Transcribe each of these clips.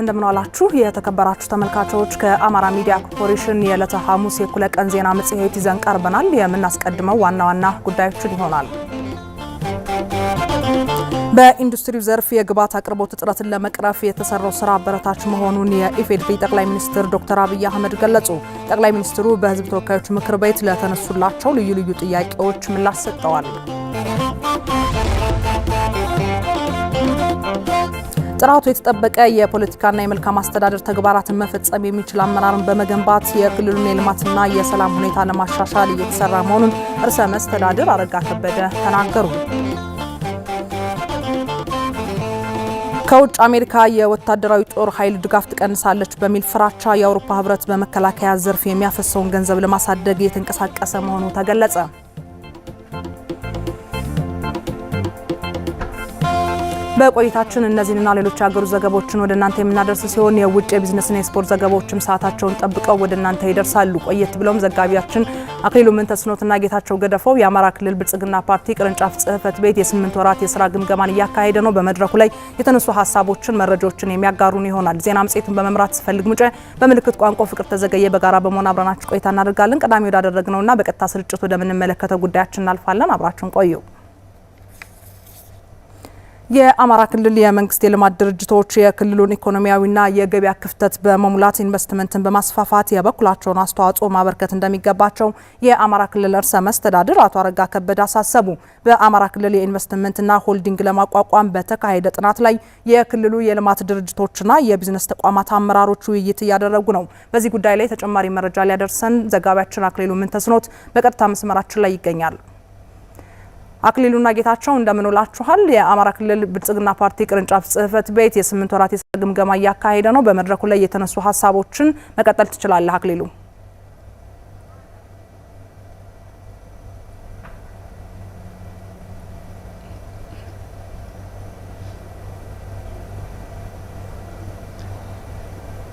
እንደምንዋላችሁ የተከበራችሁ ተመልካቾች። ከአማራ ሚዲያ ኮርፖሬሽን የዕለተ ሐሙስ የእኩለ ቀን ዜና መጽሔት ይዘን ቀርበናል። የምናስቀድመው ዋና ዋና ጉዳዮችን ይሆናል። በኢንዱስትሪው ዘርፍ የግብዓት አቅርቦት እጥረትን ለመቅረፍ የተሰራው ስራ አበረታች መሆኑን የኢፌዴሪ ጠቅላይ ሚኒስትር ዶክተር አብይ አህመድ ገለጹ። ጠቅላይ ሚኒስትሩ በሕዝብ ተወካዮች ምክር ቤት ለተነሱላቸው ልዩ ልዩ ጥያቄዎች ምላሽ ሰጥተዋል። ጥራቱ የተጠበቀ የፖለቲካና የመልካም አስተዳደር ተግባራትን መፈጸም የሚችል አመራርን በመገንባት የክልሉን የልማትና የሰላም ሁኔታ ለማሻሻል እየተሰራ መሆኑን ርዕሰ መስተዳድር አረጋ ከበደ ተናገሩ። ከውጭ አሜሪካ የወታደራዊ ጦር ኃይል ድጋፍ ትቀንሳለች በሚል ፍራቻ የአውሮፓ ህብረት በመከላከያ ዘርፍ የሚያፈሰውን ገንዘብ ለማሳደግ እየተንቀሳቀሰ መሆኑ ተገለጸ። በቆይታችን እነዚህንና ሌሎች የሀገር ውስጥ ዘገባዎችን ወደ እናንተ የምናደርስ ሲሆን የውጭ የቢዝነስና የስፖርት ዘገባዎችም ሰዓታቸውን ጠብቀው ወደ እናንተ ይደርሳሉ። ቆየት ብለውም ዘጋቢያችን አክሊሉ ምንተስኖትና ጌታቸው ገደፈው የአማራ ክልል ብልጽግና ፓርቲ ቅርንጫፍ ጽህፈት ቤት የስምንት ወራት የስራ ግምገማን እያካሄደ ነው። በመድረኩ ላይ የተነሱ ሀሳቦችን መረጃዎችን የሚያጋሩን ይሆናል። ዜና መጽሔቱን በመምራት ስፈልግ ሙጨ በምልክት ቋንቋ ፍቅር ተዘገየ በጋራ በመሆን አብረናችሁ ቆይታ እናደርጋለን። ቀዳሚ ወዳደረግነውና በቀጥታ ስርጭት ወደምንመለከተው ጉዳያችን እናልፋለን። አብራችሁን ቆዩ። የአማራ ክልል የመንግስት የልማት ድርጅቶች የክልሉን ኢኮኖሚያዊና የገበያ ክፍተት በመሙላት ኢንቨስትመንትን በማስፋፋት የበኩላቸውን አስተዋጽኦ ማበርከት እንደሚገባቸው የአማራ ክልል ርዕሰ መስተዳድር አቶ አረጋ ከበደ አሳሰቡ። በአማራ ክልል የኢንቨስትመንትና ሆልዲንግ ለማቋቋም በተካሄደ ጥናት ላይ የክልሉ የልማት ድርጅቶችና የቢዝነስ ተቋማት አመራሮች ውይይት እያደረጉ ነው። በዚህ ጉዳይ ላይ ተጨማሪ መረጃ ሊያደርሰን ዘጋቢያችን አክሌሉ ምንተስኖት በቀጥታ መስመራችን ላይ ይገኛል። አክሊሉና ጌታቸው እንደምንላችኋል የአማራ ክልል ብልጽግና ፓርቲ ቅርንጫፍ ጽህፈት ቤት የስምንት ወራት የስራ ግምገማ እያካሄደ ነው። በመድረኩ ላይ የተነሱ ሀሳቦችን መቀጠል ትችላለህ አክሊሉ።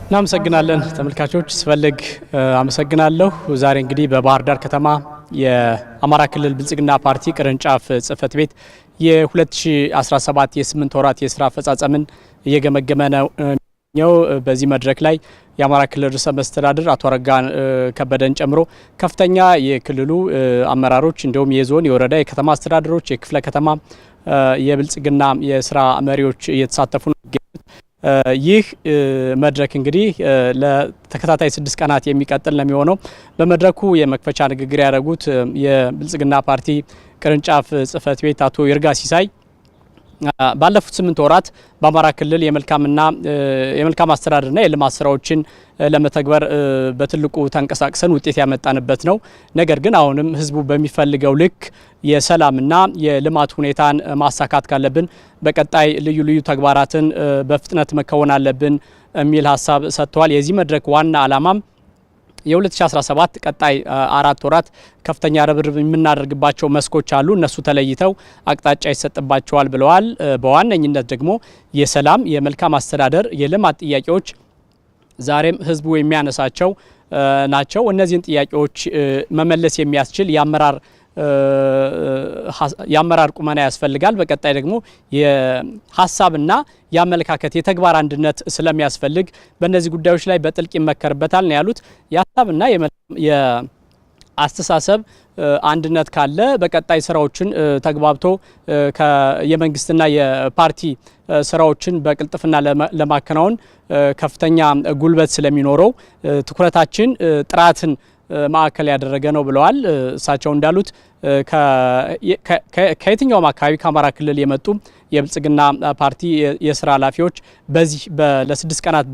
እናመሰግናለን ተመልካቾች። ስፈልግ አመሰግናለሁ። ዛሬ እንግዲህ በባህር ዳር ከተማ የአማራ ክልል ብልጽግና ፓርቲ ቅርንጫፍ ጽህፈት ቤት የ2017 የስምንት ወራት የስራ አፈጻጸምን እየገመገመ ነው ኛው በዚህ መድረክ ላይ የአማራ ክልል ርዕሰ መስተዳድር አቶ አረጋ ከበደን ጨምሮ ከፍተኛ የክልሉ አመራሮች እንዲሁም የዞን፣ የወረዳ፣ የከተማ አስተዳደሮች፣ የክፍለ ከተማ የብልጽግና የስራ መሪዎች እየተሳተፉ ነው። ይህ መድረክ እንግዲህ ለተከታታይ ስድስት ቀናት የሚቀጥል ነው የሚሆነው። በመድረኩ የመክፈቻ ንግግር ያደረጉት የብልጽግና ፓርቲ ቅርንጫፍ ጽህፈት ቤት አቶ ይርጋ ሲሳይ ባለፉት ስምንት ወራት በአማራ ክልል የመልካምና የመልካም አስተዳደርና የልማት ስራዎችን ለመተግበር በትልቁ ተንቀሳቅሰን ውጤት ያመጣንበት ነው። ነገር ግን አሁንም ህዝቡ በሚፈልገው ልክ የሰላምና የልማት ሁኔታን ማሳካት ካለብን በቀጣይ ልዩ ልዩ ተግባራትን በፍጥነት መከወን አለብን የሚል ሀሳብ ሰጥተዋል። የዚህ መድረክ ዋና አላማም ። የ2017 ቀጣይ አራት ወራት ከፍተኛ ርብርብ የምናደርግባቸው መስኮች አሉ። እነሱ ተለይተው አቅጣጫ ይሰጥባቸዋል ብለዋል። በዋነኝነት ደግሞ የሰላም፣ የመልካም አስተዳደር፣ የልማት ጥያቄዎች ዛሬም ህዝቡ የሚያነሳቸው ናቸው። እነዚህን ጥያቄዎች መመለስ የሚያስችል የአመራር የአመራር ቁመና ያስፈልጋል። በቀጣይ ደግሞ የሀሳብና የአመለካከት የተግባር አንድነት ስለሚያስፈልግ በእነዚህ ጉዳዮች ላይ በጥልቅ ይመከርበታል ነው ያሉት። የሀሳብና የአስተሳሰብ አንድነት ካለ በቀጣይ ስራዎችን ተግባብቶ የመንግስትና የፓርቲ ስራዎችን በቅልጥፍና ለማከናወን ከፍተኛ ጉልበት ስለሚኖረው ትኩረታችን ጥራትን ማዕከል ያደረገ ነው ብለዋል። እሳቸው እንዳሉት ከየትኛውም አካባቢ ከአማራ ክልል የመጡ የብልጽግና ፓርቲ የስራ ኃላፊዎች በዚህ ለስድስት ቀናት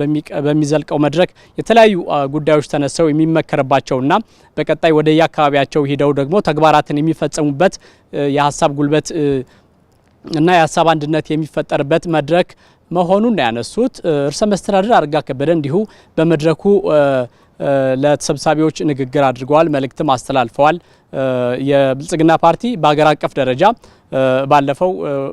በሚዘልቀው መድረክ የተለያዩ ጉዳዮች ተነስተው የሚመከርባቸውና በቀጣይ ወደ የአካባቢያቸው ሂደው ደግሞ ተግባራትን የሚፈጸሙበት የሀሳብ ጉልበት እና የሀሳብ አንድነት የሚፈጠርበት መድረክ መሆኑን ያነሱት እርሰ መስተዳድር አረጋ ከበደ እንዲሁ በመድረኩ ለተሰብሳቢዎች ንግግር አድርገዋል፣ መልእክትም አስተላልፈዋል። የብልጽግና ፓርቲ በሀገር አቀፍ ደረጃ ባለፈው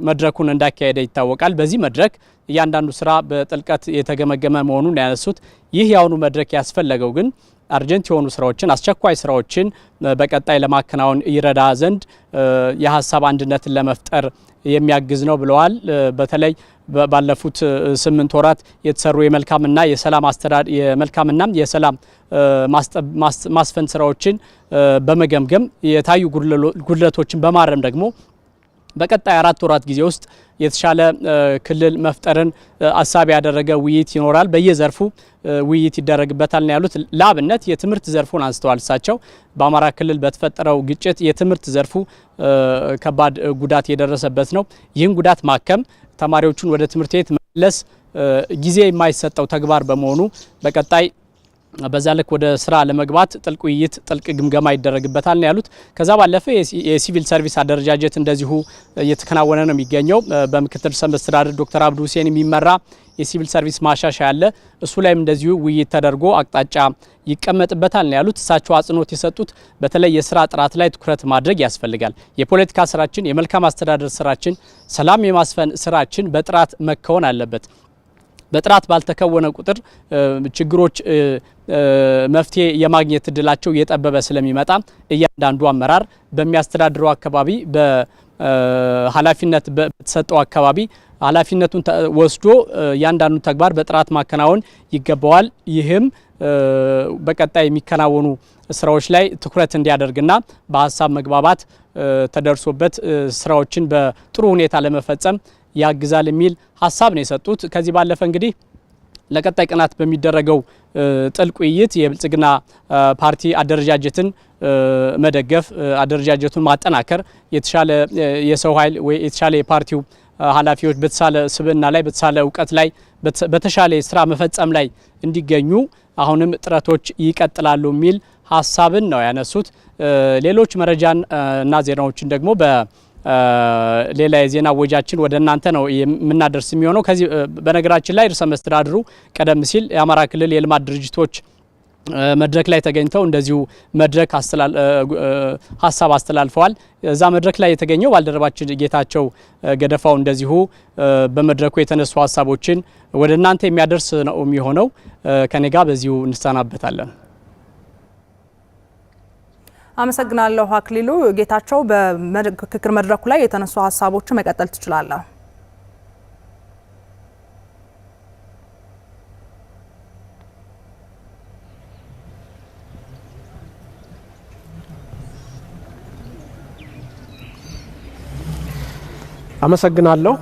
መድረኩን እንዳካሄደ ይታወቃል። በዚህ መድረክ እያንዳንዱ ስራ በጥልቀት የተገመገመ መሆኑን ያነሱት ይህ የአሁኑ መድረክ ያስፈለገው ግን አርጀንት የሆኑ ስራዎችን አስቸኳይ ስራዎችን በቀጣይ ለማከናወን ይረዳ ዘንድ የሀሳብ አንድነትን ለመፍጠር የሚያግዝ ነው ብለዋል። በተለይ ባለፉት ስምንት ወራት የተሰሩ የመልካምና የሰላም አስተዳደር የመልካምና የሰላም ማስፈን ስራዎችን በመገምገም የታዩ ጉድለቶችን በማረም ደግሞ በቀጣይ አራት ወራት ጊዜ ውስጥ የተሻለ ክልል መፍጠርን አሳቢ ያደረገ ውይይት ይኖራል። በየዘርፉ ውይይት ይደረግበታል ነው ያሉት። ለአብነት የትምህርት ዘርፉን አንስተዋል። እሳቸው በአማራ ክልል በተፈጠረው ግጭት የትምህርት ዘርፉ ከባድ ጉዳት የደረሰበት ነው። ይህን ጉዳት ማከም ተማሪዎቹን ወደ ትምህርት ቤት መለስ ጊዜ የማይሰጠው ተግባር በመሆኑ በቀጣይ በዛ ልክ ወደ ስራ ለመግባት ጥልቅ ውይይት፣ ጥልቅ ግምገማ ይደረግበታል ነው ያሉት። ከዛ ባለፈ የሲቪል ሰርቪስ አደረጃጀት እንደዚሁ እየተከናወነ ነው የሚገኘው። በምክትል ርዕሰ መስተዳድር ዶክተር አብዱ ሁሴን የሚመራ የሲቪል ሰርቪስ ማሻሻያ አለ። እሱ ላይም እንደዚሁ ውይይት ተደርጎ አቅጣጫ ይቀመጥበታል ነው ያሉት። እሳቸው አጽንኦት የሰጡት በተለይ የስራ ጥራት ላይ ትኩረት ማድረግ ያስፈልጋል። የፖለቲካ ስራችን፣ የመልካም አስተዳደር ስራችን፣ ሰላም የማስፈን ስራችን በጥራት መከወን አለበት። በጥራት ባልተከወነ ቁጥር ችግሮች መፍትሄ የማግኘት እድላቸው እየጠበበ ስለሚመጣ እያንዳንዱ አመራር በሚያስተዳድረው አካባቢ በኃላፊነት በተሰጠው አካባቢ ኃላፊነቱን ወስዶ እያንዳንዱ ተግባር በጥራት ማከናወን ይገባዋል። ይህም በቀጣይ የሚከናወኑ ስራዎች ላይ ትኩረት እንዲያደርግና በሀሳብ መግባባት ተደርሶበት ስራዎችን በጥሩ ሁኔታ ለመፈጸም ያግዛል የሚል ሀሳብ ነው የሰጡት። ከዚህ ባለፈ እንግዲህ ለቀጣይ ቀናት በሚደረገው ጥልቅ ውይይት የብልጽግና ፓርቲ አደረጃጀትን መደገፍ፣ አደረጃጀቱን ማጠናከር፣ የተሻለ የሰው ኃይል ወይ የተሻለ የፓርቲው ኃላፊዎች በተሳለ ስብዕና ላይ በተሻለ እውቀት ላይ በተሻለ የስራ መፈጸም ላይ እንዲገኙ አሁንም ጥረቶች ይቀጥላሉ የሚል ሀሳብን ነው ያነሱት። ሌሎች መረጃን እና ዜናዎችን ደግሞ በ ሌላ የዜና ወጃችን ወደ እናንተ ነው የምናደርስ የሚሆነው። ከዚህ በነገራችን ላይ ርዕሰ መስተዳድሩ ቀደም ሲል የአማራ ክልል የልማት ድርጅቶች መድረክ ላይ ተገኝተው እንደዚሁ መድረክ ሀሳብ አስተላልፈዋል። እዛ መድረክ ላይ የተገኘው ባልደረባችን ጌታቸው ገደፋው እንደዚሁ በመድረኩ የተነሱ ሀሳቦችን ወደ እናንተ የሚያደርስ ነው የሚሆነው። ከኔ ጋር በዚሁ እንሰናበታለን። አመሰግናለሁ አክሊሉ። ጌታቸው፣ በምክክር መድረኩ ላይ የተነሱ ሀሳቦችን መቀጠል ትችላለህ። አመሰግናለሁ።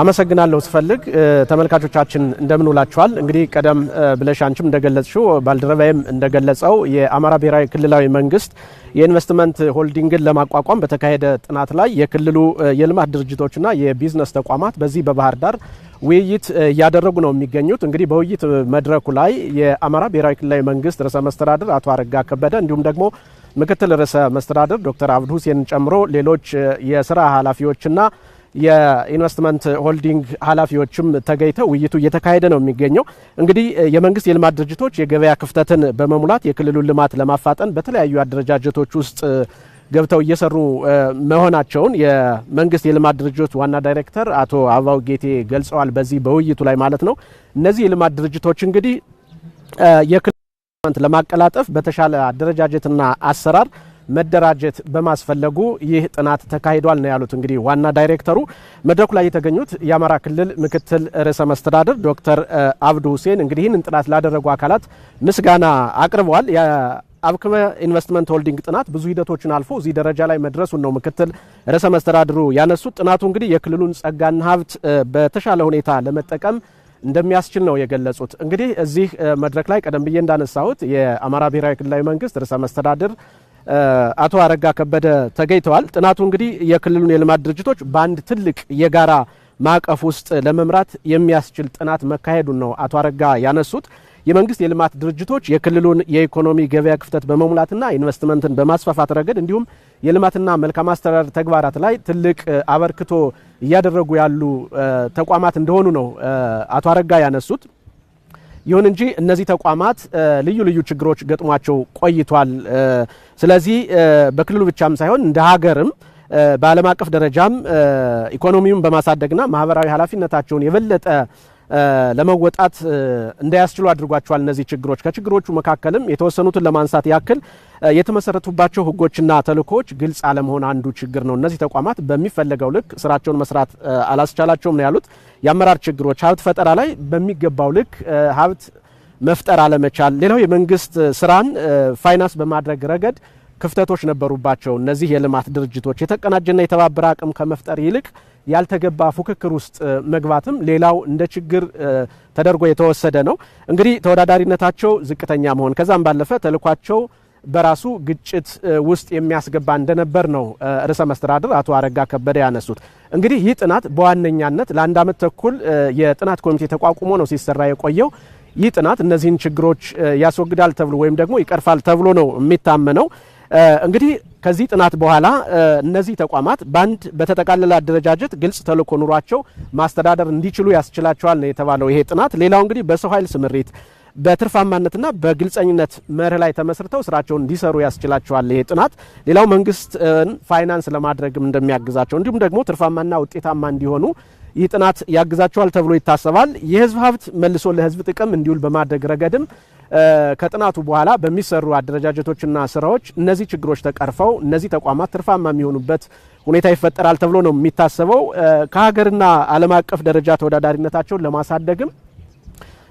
አመሰግናለሁ ስፈልግ ተመልካቾቻችን እንደምን ውላችኋል? እንግዲህ ቀደም ብለሽ አንቺም እንደገለጽሽው ባልደረባይም እንደገለጸው የአማራ ብሔራዊ ክልላዊ መንግስት የኢንቨስትመንት ሆልዲንግን ለማቋቋም በተካሄደ ጥናት ላይ የክልሉ የልማት ድርጅቶችና የቢዝነስ ተቋማት በዚህ በባህር ዳር ውይይት እያደረጉ ነው የሚገኙት። እንግዲህ በውይይት መድረኩ ላይ የአማራ ብሔራዊ ክልላዊ መንግስት ርዕሰ መስተዳድር አቶ አረጋ ከበደ እንዲሁም ደግሞ ምክትል ርዕሰ መስተዳድር ዶክተር አብዱ ሁሴንን ጨምሮ ሌሎች የስራ ኃላፊዎችና የኢንቨስትመንት ሆልዲንግ ኃላፊዎችም ተገኝተው ውይይቱ እየተካሄደ ነው የሚገኘው። እንግዲህ የመንግስት የልማት ድርጅቶች የገበያ ክፍተትን በመሙላት የክልሉን ልማት ለማፋጠን በተለያዩ አደረጃጀቶች ውስጥ ገብተው እየሰሩ መሆናቸውን የመንግስት የልማት ድርጅቶች ዋና ዳይሬክተር አቶ አበባው ጌቴ ገልጸዋል። በዚህ በውይይቱ ላይ ማለት ነው። እነዚህ የልማት ድርጅቶች እንግዲህ የክልል ለማቀላጠፍ በተሻለ አደረጃጀትና አሰራር መደራጀት በማስፈለጉ ይህ ጥናት ተካሂዷል ነው ያሉት። እንግዲህ ዋና ዳይሬክተሩ መድረኩ ላይ የተገኙት የአማራ ክልል ምክትል ርዕሰ መስተዳድር ዶክተር አብዱ ሁሴን እንግዲህ ይህንን ጥናት ላደረጉ አካላት ምስጋና አቅርበዋል። አብክመ ኢንቨስትመንት ሆልዲንግ ጥናት ብዙ ሂደቶችን አልፎ እዚህ ደረጃ ላይ መድረሱን ነው ምክትል ርዕሰ መስተዳድሩ ያነሱት። ጥናቱ እንግዲህ የክልሉን ጸጋና ሀብት በተሻለ ሁኔታ ለመጠቀም እንደሚያስችል ነው የገለጹት። እንግዲህ እዚህ መድረክ ላይ ቀደም ብዬ እንዳነሳሁት የአማራ ብሔራዊ ክልላዊ መንግስት ርዕሰ መስተዳድር አቶ አረጋ ከበደ ተገኝተዋል። ጥናቱ እንግዲህ የክልሉን የልማት ድርጅቶች በአንድ ትልቅ የጋራ ማዕቀፍ ውስጥ ለመምራት የሚያስችል ጥናት መካሄዱን ነው አቶ አረጋ ያነሱት። የመንግስት የልማት ድርጅቶች የክልሉን የኢኮኖሚ ገበያ ክፍተት በመሙላትና ኢንቨስትመንትን በማስፋፋት ረገድ እንዲሁም የልማትና መልካም አስተዳደር ተግባራት ላይ ትልቅ አበርክቶ እያደረጉ ያሉ ተቋማት እንደሆኑ ነው አቶ አረጋ ያነሱት። ይሁን እንጂ እነዚህ ተቋማት ልዩ ልዩ ችግሮች ገጥሟቸው ቆይቷል። ስለዚህ በክልሉ ብቻም ሳይሆን እንደ ሀገርም በዓለም አቀፍ ደረጃም ኢኮኖሚውን በማሳደግና ማህበራዊ ኃላፊነታቸውን የበለጠ ለመወጣት እንዳያስችሉ አድርጓቸዋል። እነዚህ ችግሮች ከችግሮቹ መካከልም የተወሰኑትን ለማንሳት ያክል የተመሰረቱባቸው ህጎችና ተልእኮዎች ግልጽ አለመሆን አንዱ ችግር ነው። እነዚህ ተቋማት በሚፈለገው ልክ ስራቸውን መስራት አላስቻላቸውም ነው ያሉት። የአመራር ችግሮች፣ ሀብት ፈጠራ ላይ በሚገባው ልክ ሀብት መፍጠር አለመቻል፣ ሌላው የመንግስት ስራን ፋይናንስ በማድረግ ረገድ ክፍተቶች ነበሩባቸው። እነዚህ የልማት ድርጅቶች የተቀናጀና የተባበረ አቅም ከመፍጠር ይልቅ ያልተገባ ፉክክር ውስጥ መግባትም ሌላው እንደ ችግር ተደርጎ የተወሰደ ነው። እንግዲህ ተወዳዳሪነታቸው ዝቅተኛ መሆን ከዛም ባለፈ ተልኳቸው በራሱ ግጭት ውስጥ የሚያስገባ እንደነበር ነው ርዕሰ መስተዳድር አቶ አረጋ ከበደ ያነሱት። እንግዲህ ይህ ጥናት በዋነኛነት ለአንድ ዓመት ተኩል የጥናት ኮሚቴ ተቋቁሞ ነው ሲሰራ የቆየው። ይህ ጥናት እነዚህን ችግሮች ያስወግዳል ተብሎ ወይም ደግሞ ይቀርፋል ተብሎ ነው የሚታመነው። እንግዲህ ከዚህ ጥናት በኋላ እነዚህ ተቋማት በአንድ በተጠቃለለ አደረጃጀት ግልጽ ተልኮ ኑሯቸው ማስተዳደር እንዲችሉ ያስችላቸዋል ነው የተባለው ይሄ ጥናት። ሌላው እንግዲህ በሰው ኃይል ስምሪት በትርፋማነትና በግልጸኝነት መርህ ላይ ተመስርተው ስራቸውን እንዲሰሩ ያስችላቸዋል ይሄ ጥናት። ሌላው መንግስትን ፋይናንስ ለማድረግም እንደሚያግዛቸው እንዲሁም ደግሞ ትርፋማና ውጤታማ እንዲሆኑ ይህ ጥናት ያግዛቸዋል ተብሎ ይታሰባል። የህዝብ ሀብት መልሶ ለህዝብ ጥቅም እንዲውል በማድረግ ረገድም ከጥናቱ በኋላ በሚሰሩ አደረጃጀቶችና ስራዎች እነዚህ ችግሮች ተቀርፈው እነዚህ ተቋማት ትርፋማ የሚሆኑበት ሁኔታ ይፈጠራል ተብሎ ነው የሚታሰበው። ከሀገርና ዓለም አቀፍ ደረጃ ተወዳዳሪነታቸውን ለማሳደግም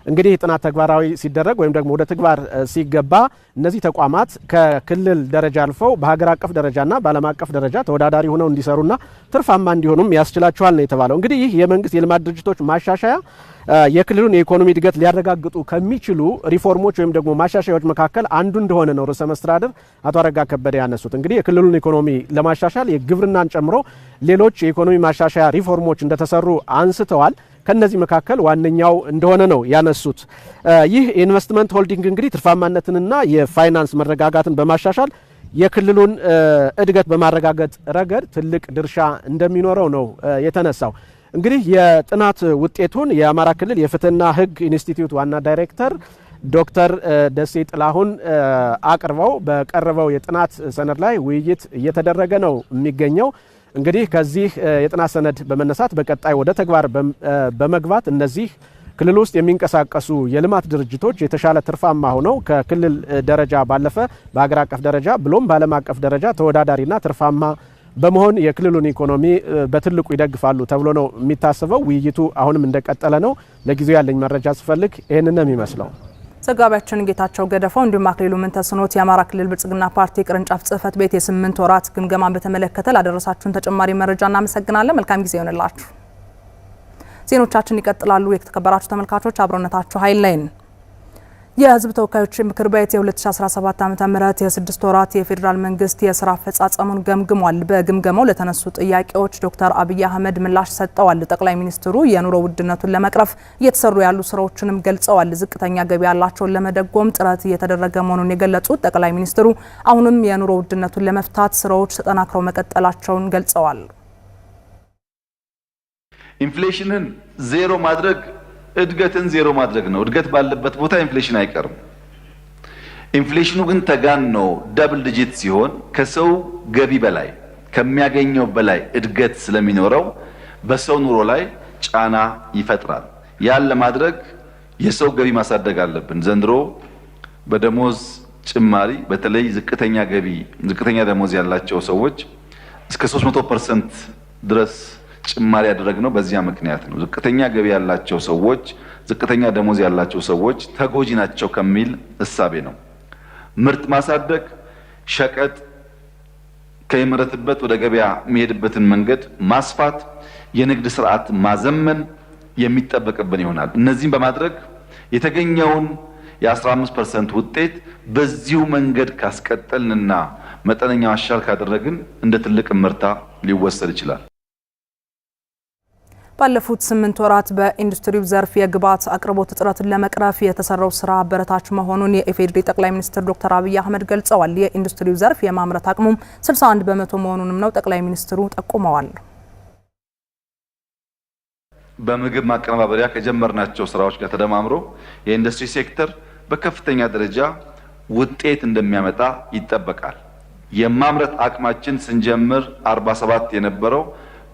እንግዲህ ጥናት ተግባራዊ ሲደረግ ወይም ደግሞ ወደ ተግባር ሲገባ እነዚህ ተቋማት ከክልል ደረጃ አልፈው በሀገር አቀፍ ደረጃና በዓለም አቀፍ ደረጃ ተወዳዳሪ ሆነው እንዲሰሩና ትርፋማ እንዲሆኑም ያስችላቸዋል ነው የተባለው። እንግዲህ ይህ የመንግስት የልማት ድርጅቶች ማሻሻያ የክልሉን የኢኮኖሚ እድገት ሊያረጋግጡ ከሚችሉ ሪፎርሞች ወይም ደግሞ ማሻሻያዎች መካከል አንዱ እንደሆነ ነው ርዕሰ መስተዳድር አቶ አረጋ ከበደ ያነሱት። እንግዲህ የክልሉን ኢኮኖሚ ለማሻሻል የግብርናን ጨምሮ ሌሎች የኢኮኖሚ ማሻሻያ ሪፎርሞች እንደተሰሩ አንስተዋል። ከነዚህ መካከል ዋነኛው እንደሆነ ነው ያነሱት። ይህ ኢንቨስትመንት ሆልዲንግ እንግዲህ ትርፋማነትንና የፋይናንስ መረጋጋትን በማሻሻል የክልሉን እድገት በማረጋገጥ ረገድ ትልቅ ድርሻ እንደሚኖረው ነው የተነሳው። እንግዲህ የጥናት ውጤቱን የአማራ ክልል የፍትህና ሕግ ኢንስቲትዩት ዋና ዳይሬክተር ዶክተር ደሴ ጥላሁን አቅርበው በቀረበው የጥናት ሰነድ ላይ ውይይት እየተደረገ ነው የሚገኘው። እንግዲህ ከዚህ የጥናት ሰነድ በመነሳት በቀጣይ ወደ ተግባር በመግባት እነዚህ ክልል ውስጥ የሚንቀሳቀሱ የልማት ድርጅቶች የተሻለ ትርፋማ ሆነው ከክልል ደረጃ ባለፈ በሀገር አቀፍ ደረጃ ብሎም በዓለም አቀፍ ደረጃ ተወዳዳሪና ትርፋማ በመሆን የክልሉን ኢኮኖሚ በትልቁ ይደግፋሉ ተብሎ ነው የሚታሰበው። ውይይቱ አሁንም እንደቀጠለ ነው። ለጊዜው ያለኝ መረጃ ስፈልግ ይህንን ነው የሚመስለው። ዘጋቢያችን ጌታቸው ገደፈው እንዲሁም አክሊሉ ምንተስኖት የአማራ ክልል ብልጽግና ፓርቲ ቅርንጫፍ ጽህፈት ቤት የስምንት ወራት ግምገማን በተመለከተ ላደረሳችሁን ተጨማሪ መረጃ እናመሰግናለን። መልካም ጊዜ ይሆንላችሁ። ዜኖቻችን ይቀጥላሉ። የተከበራችሁ ተመልካቾች አብሮነታችሁ ኃይል ላይን። የህዝብ ተወካዮች ምክር ቤት የ2017 ዓ ም የስድስት ወራት የፌዴራል መንግስት የስራ አፈጻጸሙን ገምግሟል። በግምገማው ለተነሱ ጥያቄዎች ዶክተር አብይ አህመድ ምላሽ ሰጥተዋል። ጠቅላይ ሚኒስትሩ የኑሮ ውድነቱን ለመቅረፍ እየተሰሩ ያሉ ስራዎችንም ገልጸዋል። ዝቅተኛ ገቢ ያላቸውን ለመደጎም ጥረት እየተደረገ መሆኑን የገለጹት ጠቅላይ ሚኒስትሩ አሁንም የኑሮ ውድነቱን ለመፍታት ስራዎች ተጠናክረው መቀጠላቸውን ገልጸዋል። ኢንፍሌሽንን ዜሮ ማድረግ እድገትን ዜሮ ማድረግ ነው። እድገት ባለበት ቦታ ኢንፍሌሽን አይቀርም። ኢንፍሌሽኑ ግን ነው ደብል ዲጂት ሲሆን ከሰው ገቢ በላይ ከሚያገኘው በላይ እድገት ስለሚኖረው በሰው ኑሮ ላይ ጫና ይፈጥራል። ያን ለማድረግ የሰው ገቢ ማሳደግ አለብን። ዘንድሮ በደሞዝ ጭማሪ በተለይ ዝቅተኛ ገቢ ዝቅተኛ ደሞዝ ያላቸው ሰዎች እስከ 300 ፐርሰንት ድረስ ጭማሪ ያደረግነው በዚያ ምክንያት ነው። ዝቅተኛ ገቢ ያላቸው ሰዎች፣ ዝቅተኛ ደሞዝ ያላቸው ሰዎች ተጎጂ ናቸው ከሚል እሳቤ ነው። ምርት ማሳደግ፣ ሸቀጥ ከሚመረትበት ወደ ገበያ የሚሄድበትን መንገድ ማስፋት፣ የንግድ ስርዓት ማዘመን የሚጠበቅብን ይሆናል። እነዚህም በማድረግ የተገኘውን የ15 ፐርሰንት ውጤት በዚሁ መንገድ ካስቀጠልንና መጠነኛ አሻል ካደረግን እንደ ትልቅ ምርታ ሊወሰድ ይችላል። ባለፉት ስምንት ወራት በኢንዱስትሪው ዘርፍ የግብዓት አቅርቦት እጥረትን ለመቅረፍ የተሰራው ስራ አበረታች መሆኑን የኢፌዴሪ ጠቅላይ ሚኒስትር ዶክተር አብይ አህመድ ገልጸዋል። የኢንዱስትሪው ዘርፍ የማምረት አቅሙም 61 በመቶ መሆኑንም ነው ጠቅላይ ሚኒስትሩ ጠቁመዋል። በምግብ ማቀነባበሪያ ከጀመርናቸው ስራዎች ጋር ተደማምሮ የኢንዱስትሪ ሴክተር በከፍተኛ ደረጃ ውጤት እንደሚያመጣ ይጠበቃል። የማምረት አቅማችን ስንጀምር 47 የነበረው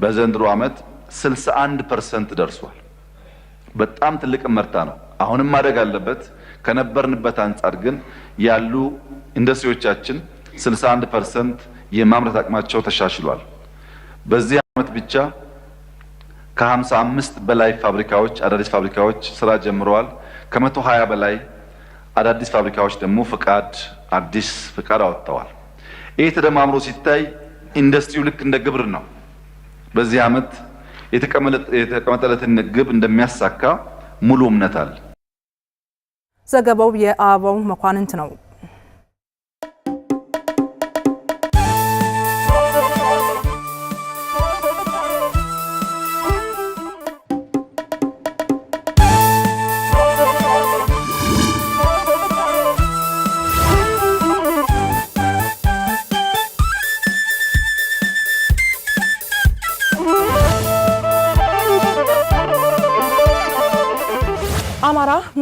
በዘንድሮ ዓመት 61 ፐርሰንት ደርሷል። በጣም ትልቅ መርታ ነው። አሁንም ማደግ አለበት። ከነበርንበት አንጻር ግን ያሉ ኢንዱስትሪዎቻችን 61 ፐርሰንት የማምረት አቅማቸው ተሻሽሏል። በዚህ ዓመት ብቻ ከ55 በላይ ፋብሪካዎች አዳዲስ ፋብሪካዎች ስራ ጀምረዋል። ከ120 በላይ አዳዲስ ፋብሪካዎች ደግሞ ፍቃድ አዲስ ፍቃድ አወጥተዋል። ይህ ተደማምሮ ሲታይ ኢንዱስትሪው ልክ እንደ ግብር ነው። በዚህ ዓመት የተቀመጠለትን ግብ እንደሚያሳካ ሙሉ እምነት አለ። ዘገባው የአበባው መኳንንት ነው።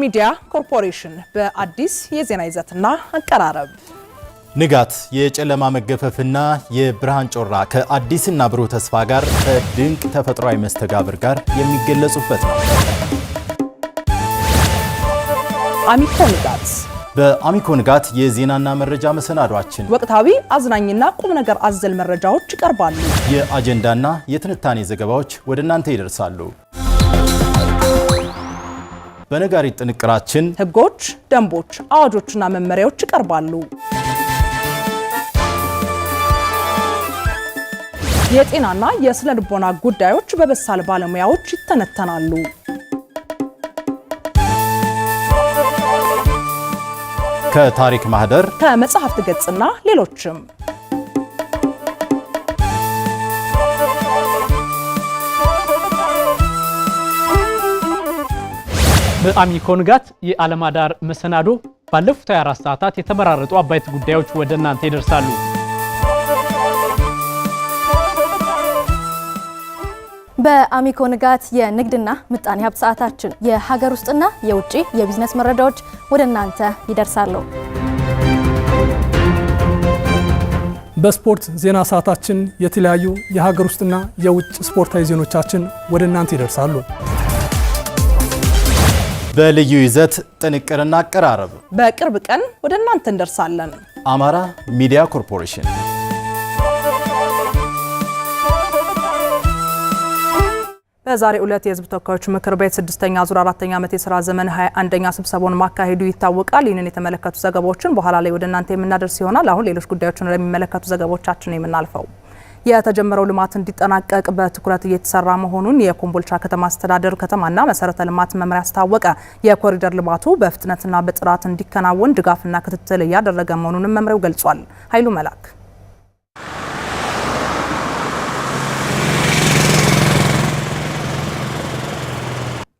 ሚዲያ ኮርፖሬሽን በአዲስ የዜና ይዘትና አቀራረብ ንጋት የጨለማ መገፈፍና የብርሃን ጮራ ከአዲስና ብሩህ ተስፋ ጋር ከድንቅ ተፈጥሯዊ መስተጋብር ጋር የሚገለጹበት ነው። አሚኮ ንጋት። በአሚኮ ንጋት የዜናና መረጃ መሰናዷችን ወቅታዊ፣ አዝናኝና ቁም ነገር አዘል መረጃዎች ይቀርባሉ። የአጀንዳና የትንታኔ ዘገባዎች ወደ እናንተ ይደርሳሉ። በነጋሪት ጥንቅራችን ህጎች፣ ደንቦች፣ አዋጆችና መመሪያዎች ይቀርባሉ። የጤናና የስነ ልቦና ጉዳዮች በበሳል ባለሙያዎች ይተነተናሉ። ከታሪክ ማህደር ከመጽሐፍት ገጽና ሌሎችም በአሚኮ ንጋት የዓለም አዳር መሰናዶ ባለፉት 24 ሰዓታት የተመራረጡ አበይት ጉዳዮች ወደ እናንተ ይደርሳሉ። በአሚኮ ንጋት የንግድና ምጣኔ ሀብት ሰዓታችን የሀገር ውስጥና የውጭ የቢዝነስ መረጃዎች ወደ እናንተ ይደርሳሉ። በስፖርት ዜና ሰዓታችን የተለያዩ የሀገር ውስጥና የውጭ ስፖርታዊ ዜኖቻችን ወደ እናንተ ይደርሳሉ። በልዩ ይዘት ጥንቅርና አቀራረብ በቅርብ ቀን ወደ እናንተ እንደርሳለን። አማራ ሚዲያ ኮርፖሬሽን በዛሬ ዕለት የህዝብ ተወካዮች ምክር ቤት ስድስተኛ ዙር አራተኛ ዓመት የስራ ዘመን 21ኛ ስብሰባውን ማካሄዱ ይታወቃል። ይህንን የተመለከቱ ዘገባዎችን በኋላ ላይ ወደ እናንተ የምናደርስ ይሆናል። አሁን ሌሎች ጉዳዮችን ለሚመለከቱ ዘገባዎቻችን የምናልፈው የተጀመረው ልማት እንዲጠናቀቅ በትኩረት እየተሰራ መሆኑን የኮምቦልቻ ከተማ አስተዳደር ከተማና መሰረተ ልማት መምሪያ አስታወቀ። የኮሪደር ልማቱ በፍጥነትና በጥራት እንዲከናወን ድጋፍና ክትትል እያደረገ መሆኑንም መምሪያው ገልጿል። ኃይሉ መላክ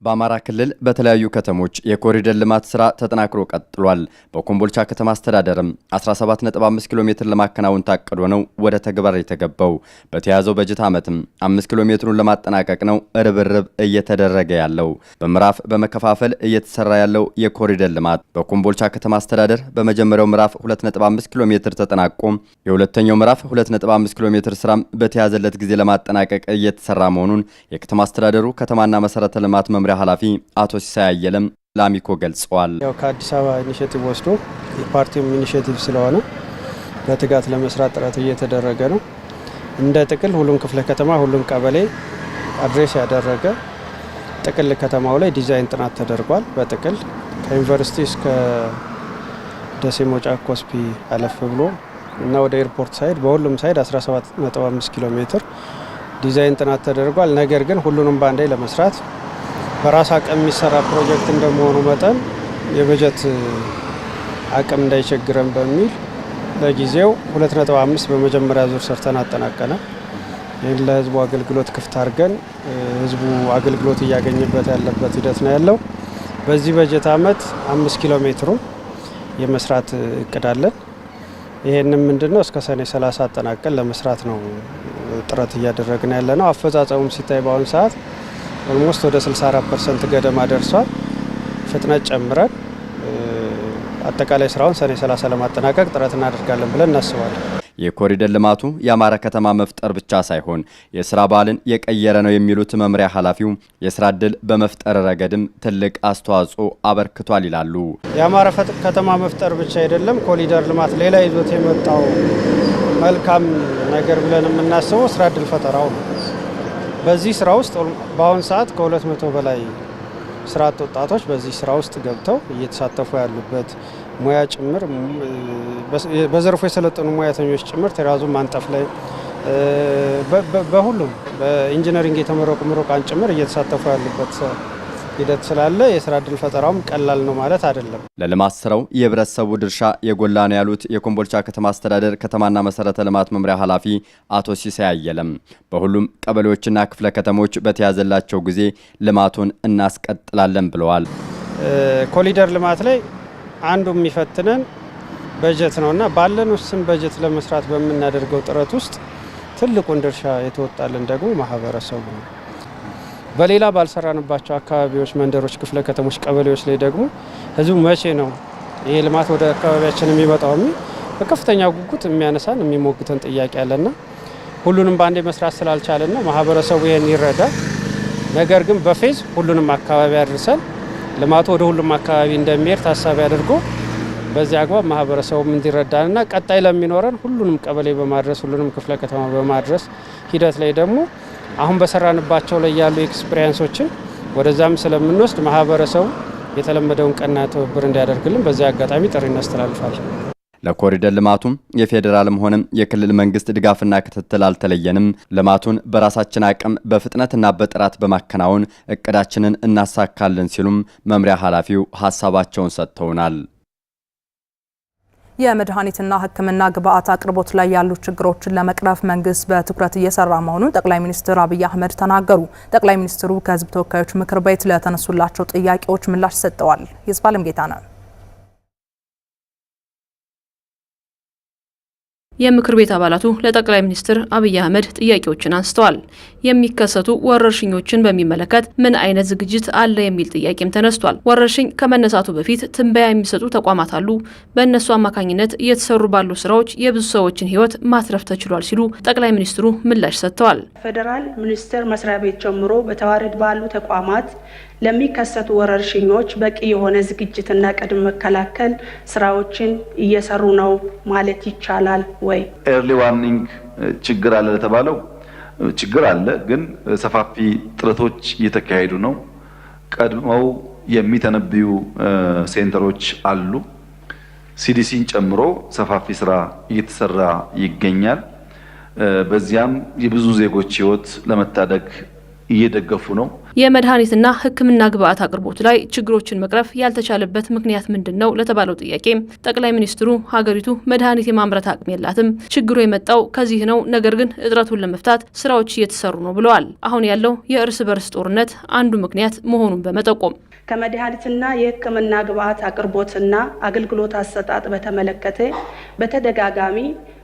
በአማራ ክልል በተለያዩ ከተሞች የኮሪደር ልማት ስራ ተጠናክሮ ቀጥሏል። በኮምቦልቻ ከተማ አስተዳደርም 175 ኪሎ ሜትር ለማከናወን ታቅዶ ነው ወደ ተግባር የተገባው። በተያዘው በጀት ዓመትም 5 ኪሎ ሜትሩን ለማጠናቀቅ ነው ርብርብ እየተደረገ ያለው። በምዕራፍ በመከፋፈል እየተሰራ ያለው የኮሪደር ልማት በኮምቦልቻ ከተማ አስተዳደር በመጀመሪያው ምዕራፍ 2.5 ኪሎ ሜትር ተጠናቆ የሁለተኛው ምዕራፍ 2.5 ኪሎ ሜትር ስራም በተያዘለት ጊዜ ለማጠናቀቅ እየተሰራ መሆኑን የከተማ አስተዳደሩ ከተማና መሰረተ ልማት መምሪያ መምሪያ ኃላፊ አቶ ሲሳይ አየለም ላሚኮ ገልጸዋል። ያው ከአዲስ አበባ ኢኒሽቲቭ ወስዶ የፓርቲውም ኢኒሽቲቭ ስለሆነ በትጋት ለመስራት ጥረት እየተደረገ ነው። እንደ ጥቅል ሁሉም ክፍለ ከተማ፣ ሁሉም ቀበሌ አድሬስ ያደረገ ጥቅል ከተማው ላይ ዲዛይን ጥናት ተደርጓል። በጥቅል ከዩኒቨርሲቲ እስከ ደሴ ሞጫ ኮስፒ አለፍ ብሎ እና ወደ ኤርፖርት ሳይድ በሁሉም ሳይድ 17.5 ኪሎ ሜትር ዲዛይን ጥናት ተደርጓል። ነገር ግን ሁሉንም ባንዴ ለመስራት በራስ አቅም የሚሰራ ፕሮጀክት እንደመሆኑ መጠን የበጀት አቅም እንዳይቸግረን በሚል ለጊዜው 2.5 በመጀመሪያ ዙር ሰርተን አጠናቀነ። ይህን ለህዝቡ አገልግሎት ክፍት አድርገን ህዝቡ አገልግሎት እያገኝበት ያለበት ሂደት ነው ያለው። በዚህ በጀት አመት አምስት ኪሎ ሜትሩ የመስራት እቅድ አለን። ይህንም ምንድነው እስከ ሰኔ 30 አጠናቀን ለመስራት ነው ጥረት እያደረግን ያለ ነው። አፈጻጸሙም ሲታይ በአሁኑ ሰዓት ኦልሞስት ወደ 64 ፐርሰንት ገደማ ደርሷል። ፍጥነት ጨምረን አጠቃላይ ስራውን ሰኔ 30 ለማጠናቀቅ ጥረት እናደርጋለን ብለን እናስባለን። የኮሪደር ልማቱ የአማራ ከተማ መፍጠር ብቻ ሳይሆን የስራ ባህልን የቀየረ ነው የሚሉት መምሪያ ኃላፊው የስራ እድል በመፍጠር ረገድም ትልቅ አስተዋጽኦ አበርክቷል ይላሉ። የአማራ ከተማ መፍጠር ብቻ አይደለም። ኮሪደር ልማት ሌላ ይዞት የመጣው መልካም ነገር ብለን የምናስበው ስራ እድል ፈጠራው ነው። በዚህ ስራ ውስጥ በአሁን ሰዓት ከ200 በላይ ስራ አጥ ወጣቶች በዚህ ስራ ውስጥ ገብተው እየተሳተፉ ያሉበት ሙያ ጭምር በዘርፉ የሰለጠኑ ሙያተኞች ጭምር ተራዙ ማንጠፍ ላይ በሁሉም በኢንጂነሪንግ የተመረቁ ምሩቃን ጭምር እየተሳተፉ ያሉበት ሂደት ስላለ የስራ እድል ፈጠራውም ቀላል ነው ማለት አይደለም። ለልማት ስራው የህብረተሰቡ ድርሻ የጎላ ነው ያሉት የኮምቦልቻ ከተማ አስተዳደር ከተማና መሰረተ ልማት መምሪያ ኃላፊ አቶ ሲሳይ አየለም በሁሉም ቀበሌዎችና ክፍለ ከተሞች በተያዘላቸው ጊዜ ልማቱን እናስቀጥላለን ብለዋል። ኮሊደር ልማት ላይ አንዱ የሚፈትነን በጀት ነው እና ባለን ውስን በጀት ለመስራት በምናደርገው ጥረት ውስጥ ትልቁን ድርሻ የተወጣልን ደግሞ ማህበረሰቡ ነው። በሌላ ባልሰራንባቸው አካባቢዎች፣ መንደሮች፣ ክፍለ ከተሞች፣ ቀበሌዎች ላይ ደግሞ ህዝቡ መቼ ነው ይሄ ልማት ወደ አካባቢያችን የሚመጣው የሚል በከፍተኛ ጉጉት የሚያነሳን የሚሞግተን ጥያቄ አለና ሁሉንም በአንዴ መስራት ስላልቻለና ማህበረሰቡ ይህን ይረዳ። ነገር ግን በፌዝ ሁሉንም አካባቢ አድርሰን ልማቱ ወደ ሁሉም አካባቢ እንደሚሄድ ታሳቢ አድርጎ በዚህ አግባብ ማህበረሰቡም እንዲረዳንና ቀጣይ ለሚኖረን ሁሉንም ቀበሌ በማድረስ ሁሉንም ክፍለ ከተማ በማድረስ ሂደት ላይ ደግሞ አሁን በሰራንባቸው ላይ ያሉ ኤክስፒሪየንሶችን ወደዛም ስለምንወስድ ማህበረሰቡ የተለመደውን ቀና ትብብር እንዲያደርግልን በዚያ አጋጣሚ ጥሪ እናስተላልፋል። ለኮሪደር ልማቱም የፌዴራልም ሆነም የክልል መንግስት ድጋፍና ክትትል አልተለየንም። ልማቱን በራሳችን አቅም በፍጥነትና በጥራት በማከናወን እቅዳችንን እናሳካለን ሲሉም መምሪያ ኃላፊው ሀሳባቸውን ሰጥተውናል። የመድኃኒትና ሕክምና ግብአት አቅርቦት ላይ ያሉ ችግሮችን ለመቅረፍ መንግስት በትኩረት እየሰራ መሆኑን ጠቅላይ ሚኒስትር አብይ አህመድ ተናገሩ። ጠቅላይ ሚኒስትሩ ከህዝብ ተወካዮች ምክር ቤት ለተነሱላቸው ጥያቄዎች ምላሽ ሰጥተዋል። የዝባለም ጌታ ነው። የምክር ቤት አባላቱ ለጠቅላይ ሚኒስትር አብይ አህመድ ጥያቄዎችን አንስተዋል። የሚከሰቱ ወረርሽኞችን በሚመለከት ምን አይነት ዝግጅት አለ የሚል ጥያቄም ተነስቷል። ወረርሽኝ ከመነሳቱ በፊት ትንበያ የሚሰጡ ተቋማት አሉ፣ በእነሱ አማካኝነት እየተሰሩ ባሉ ስራዎች የብዙ ሰዎችን ሕይወት ማትረፍ ተችሏል ሲሉ ጠቅላይ ሚኒስትሩ ምላሽ ሰጥተዋል። ፌዴራል ሚኒስቴር መስሪያ ቤት ጀምሮ በተዋረድ ባሉ ተቋማት ለሚከሰቱ ወረርሽኞች በቂ የሆነ ዝግጅትና ቅድመ መከላከል ስራዎችን እየሰሩ ነው ማለት ይቻላል ወይ? ኤርሊ ዋርኒንግ ችግር አለ ለተባለው ችግር አለ፣ ግን ሰፋፊ ጥረቶች እየተካሄዱ ነው። ቀድመው የሚተነብዩ ሴንተሮች አሉ። ሲዲሲን ጨምሮ ሰፋፊ ስራ እየተሰራ ይገኛል። በዚያም የብዙ ዜጎች ህይወት ለመታደግ እየደገፉ ነው። የመድኃኒትና ሕክምና ግብአት አቅርቦት ላይ ችግሮችን መቅረፍ ያልተቻለበት ምክንያት ምንድን ነው ለተባለው ጥያቄ ጠቅላይ ሚኒስትሩ ሀገሪቱ መድኃኒት የማምረት አቅም የላትም፣ ችግሩ የመጣው ከዚህ ነው፣ ነገር ግን እጥረቱን ለመፍታት ስራዎች እየተሰሩ ነው ብለዋል። አሁን ያለው የእርስ በርስ ጦርነት አንዱ ምክንያት መሆኑን በመጠቆም ከመድኃኒትና የሕክምና ግብአት አቅርቦትና አገልግሎት አሰጣጥ በተመለከተ በተደጋጋሚ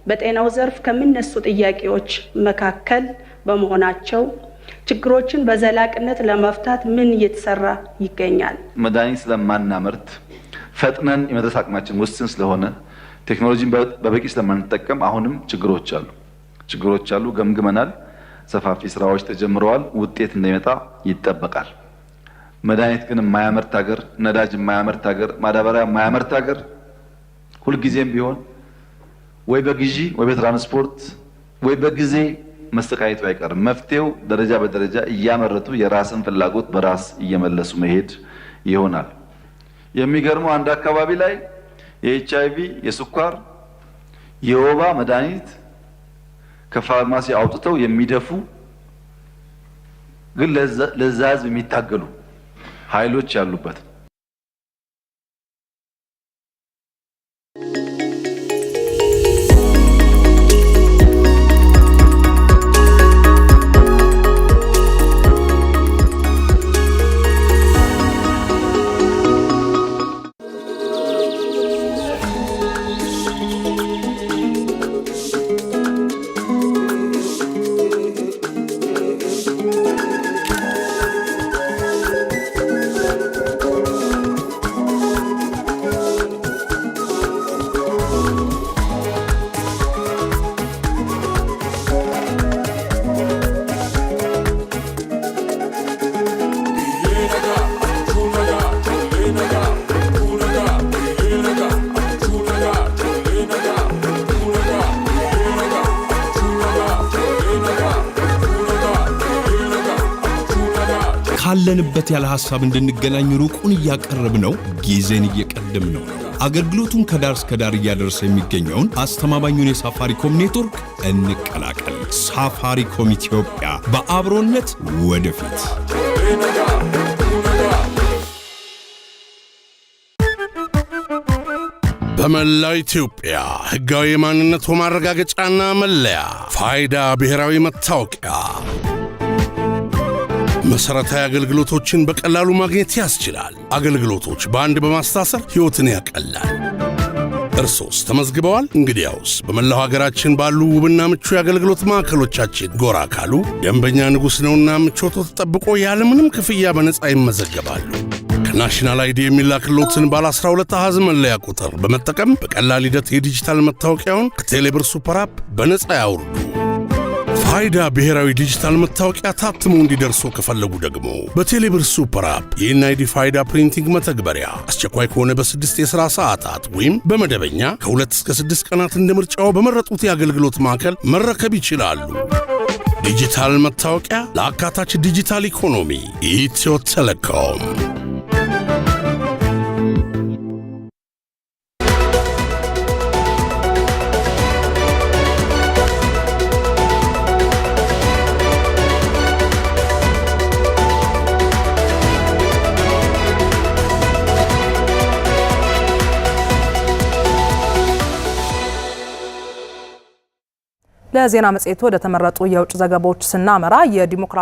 በጤናው ዘርፍ ከሚነሱ ጥያቄዎች መካከል በመሆናቸው ችግሮችን በዘላቅነት ለመፍታት ምን እየተሰራ ይገኛል? መድኃኒት ስለማናመርት ፈጥነን የመድረስ አቅማችን ውስን ስለሆነ ቴክኖሎጂን በበቂ ስለማንጠቀም አሁንም ችግሮች አሉ ችግሮች አሉ። ገምግመናል። ሰፋፊ ስራዎች ተጀምረዋል። ውጤት እንደሚመጣ ይጠበቃል። መድኃኒት ግን የማያመርት ሀገር፣ ነዳጅ የማያመርት ሀገር፣ ማዳበሪያ የማያመርት ሀገር ሁልጊዜም ቢሆን ወይ በግዢ ወይ በትራንስፖርት ወይ በጊዜ መስተካየቱ አይቀርም። መፍትሄው ደረጃ በደረጃ እያመረቱ የራስን ፍላጎት በራስ እየመለሱ መሄድ ይሆናል። የሚገርመው አንድ አካባቢ ላይ የኤች አይቪ፣ የስኳር፣ የወባ መድኃኒት ከፋርማሲ አውጥተው የሚደፉ ግን ለዛ ህዝብ የሚታገሉ ኃይሎች ያሉበት በርከት ያለ ሐሳብ እንድንገናኝ ሩቁን እያቀረብ ነው፣ ጊዜን እየቀደም ነው። አገልግሎቱን ከዳር እስከ ዳር እያደረሰ የሚገኘውን አስተማማኙን የሳፋሪኮም ኔትወርክ እንቀላቀል። ሳፋሪኮም ኢትዮጵያ በአብሮነት ወደፊት። በመላው ኢትዮጵያ ሕጋዊ የማንነት ማረጋገጫና መለያ ፋይዳ ብሔራዊ መታወቂያ መሰረታዊ አገልግሎቶችን በቀላሉ ማግኘት ያስችላል። አገልግሎቶች በአንድ በማስታሰር ሕይወትን ያቀላል። እርሶስ ተመዝግበዋል? እንግዲያውስ በመላው ሀገራችን ባሉ ውብና ምቹ የአገልግሎት ማዕከሎቻችን ጎራ ካሉ ደንበኛ ንጉሥ ነውና ምቾቶ ተጠብቆ ያለምንም ክፍያ በነፃ ይመዘገባሉ። ከናሽናል አይዲ የሚላክሎትን ባለ 12 አሃዝ መለያ ቁጥር በመጠቀም በቀላል ሂደት የዲጂታል መታወቂያውን ከቴሌብር ሱፐር አፕ በነፃ ያውርዱ። ፋይዳ ብሔራዊ ዲጂታል መታወቂያ ታትሞ እንዲደርሶ ከፈለጉ ደግሞ በቴሌብር ሱፐር አፕ የኤንአይዲ ፋይዳ ፕሪንቲንግ መተግበሪያ አስቸኳይ ከሆነ በስድስት የሥራ ሰዓታት ወይም በመደበኛ ከሁለት እስከ ስድስት ቀናት እንደ ምርጫው በመረጡት የአገልግሎት ማዕከል መረከብ ይችላሉ። ዲጂታል መታወቂያ ለአካታች ዲጂታል ኢኮኖሚ ኢትዮ ቴሌኮም ለዜና መጽሔቱ ወደ ተመረጡ የውጭ ዘገባዎች ስናመራ የዲሞክራት